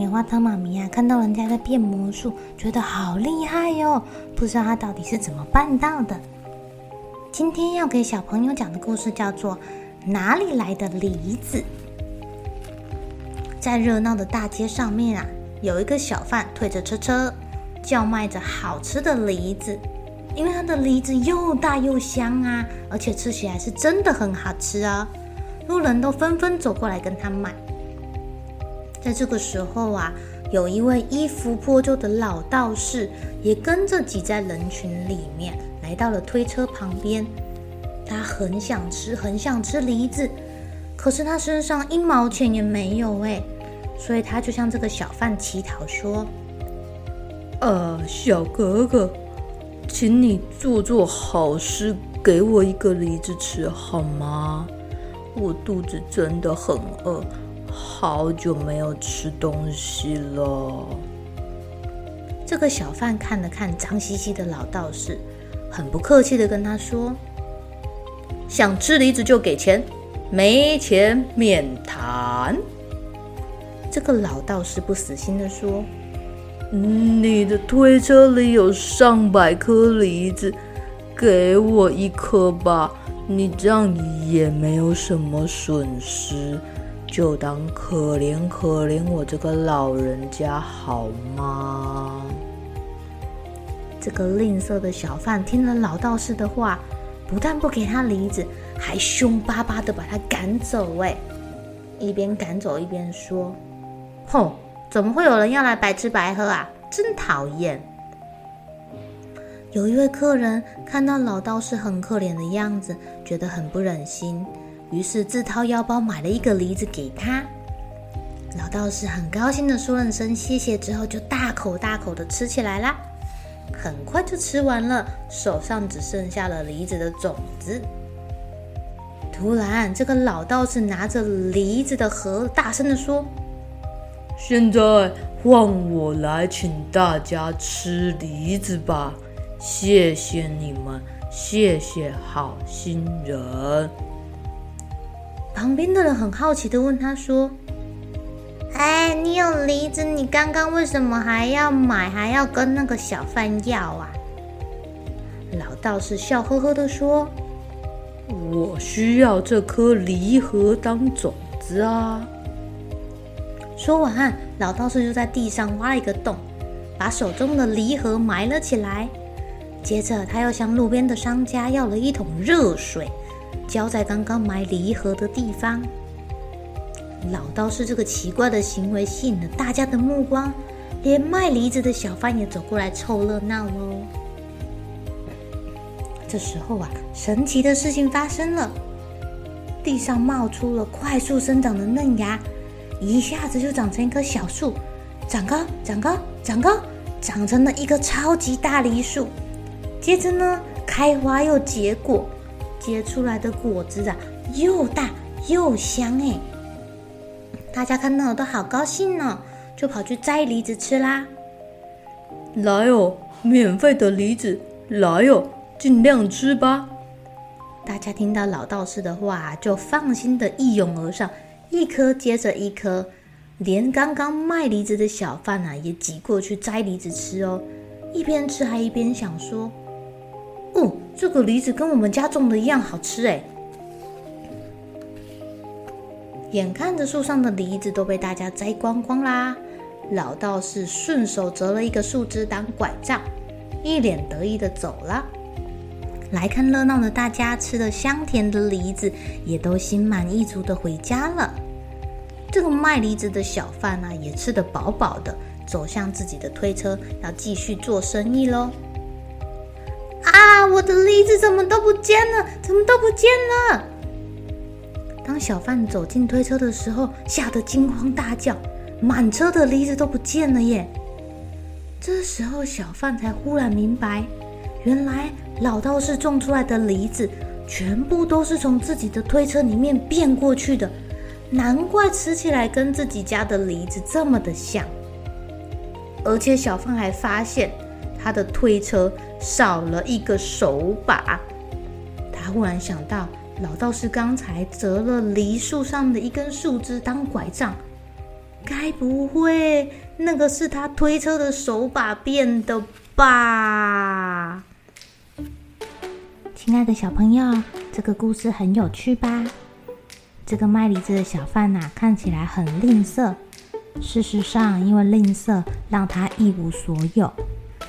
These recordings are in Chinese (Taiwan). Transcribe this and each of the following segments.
棉花糖媽咪呀、啊，看到人家在變魔術，覺得好厲害喲、哦！不知道他到底是怎麼辦到的。今天要給小朋友講的故事叫做《哪裡來的梨子》。在熱鬧的大街上面啊，有一個小販推着車車，叫賣着好吃的梨子。因為他的梨子又大又香啊，而且吃起來是真的很好吃啊，路人都紛紛走過來跟他買。在這個時候啊，有一位衣服破舊的老道士也跟着擠在人群裡面，來到了推車旁邊。他很想吃，很想吃梨子，可是他身上一毛錢也沒有哎、欸，所以他就向這個小販乞討說：“呃，小哥哥，請你做做好事，給我一個梨子吃好嗎？我肚子真的很餓。”好久沒有吃東西了。這個小販看了看髒兮兮的老道士，很不客氣的跟他說：“想吃梨子就給錢，沒錢免談。”這個老道士不死心的說：“你的推車裡有上百顆梨子，給我一顆吧，你這樣也沒有什麼損失。”就當可憐可憐我這個老人家好嗎？這個吝嗇的小販聽了老道士的話，不但不給他梨子，還兇巴巴地把他趕走。喂，一邊趕走一邊說：“哼，怎麼會有人要來白吃白喝啊？真討厭！”有一位客人看到老道士很可憐的樣子，覺得很不忍心。於是自掏腰包買了一個梨子給他，老道士很高興的說了聲“謝謝”，之後就大口大口的吃起來啦。很快就吃完了，手上只剩下了梨子的種子。突然，這個老道士拿着梨子的盒大聲的說：“現在換我來請大家吃梨子吧！謝謝你們，謝謝好心人。”旁邊的人很好奇的問他說：“哎，你有梨子，你剛剛為什麼還要買，還要跟那個小販要啊？”老道士笑呵呵的說：“我需要這顆梨核當種子啊。”說完啊，老道士就在地上挖了一個洞，把手中的梨核埋了起來。接着，他又向路邊的商家要了一桶熱水。澆在剛剛埋梨核的地方，老道士這個奇怪的行為吸引了大家的目光，連賣梨子的小販也走過來湊熱鬧嘍。這時候啊，神奇的事情發生了，地上冒出了快速生長的嫩芽，一下子就長成一棵小樹，長高，長高，長高，長成了一個超級大梨樹。接着呢，開花又結果。結出來的果子啊，又大又香哎！大家看到都好高興呢、哦，就跑去摘梨子吃啦。來哦，免費的梨子，來哦，盡量吃吧。大家聽到老道士的話，就放心的一擁而上，一顆接着一顆，連剛剛賣梨子的小販呢、啊，也擠過去摘梨子吃哦。一邊吃還一邊想說。哦，這個梨子跟我們家種的一樣好吃哎！眼看着樹上的梨子都被大家摘光光啦，老道士順手折了一個樹枝當拐杖，一臉得意的走了。來看熱鬧的大家吃了香甜的梨子，也都心滿意足的回家了。這個賣梨子的小販呢、啊，也吃得飽飽的，走向自己的推車，要繼續做生意嘍。啊！我的梨子怎麼都不見了？怎麼都不見了！當小販走進推車的時候，嚇得驚慌大叫：“滿車的梨子都不見了耶！”這時候，小販才忽然明白，原來老道士種出來的梨子，全部都是從自己的推車裡面變過去的，難怪吃起來跟自己家的梨子這麼的像。而且，小販還發現他的推車。少了一個手把，他忽然想到，老道士剛才折了梨樹上的一根樹枝當拐杖，該不會那個是他推車的手把變的吧？親愛的小朋友，這個故事很有趣吧？這個賣梨子的小販吶、啊，看起來很吝嗇，事實上，因為吝嗇，讓他一無所有。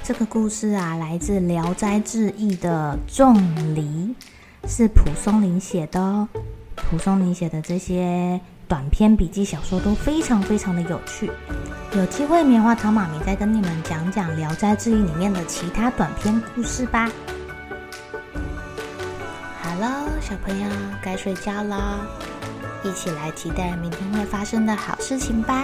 這個故事啊，來自《聊齋志異》的種梨，是蒲松齡寫的哦。蒲松齡寫的這些短篇筆記小說都非常非常的有趣。有機會，棉花糖媽咪再跟你們講講《聊齋志異》裡面的其他短篇故事吧。好嘍，小朋友，該睡覺啦！一起來期待明天會發生的好事情吧。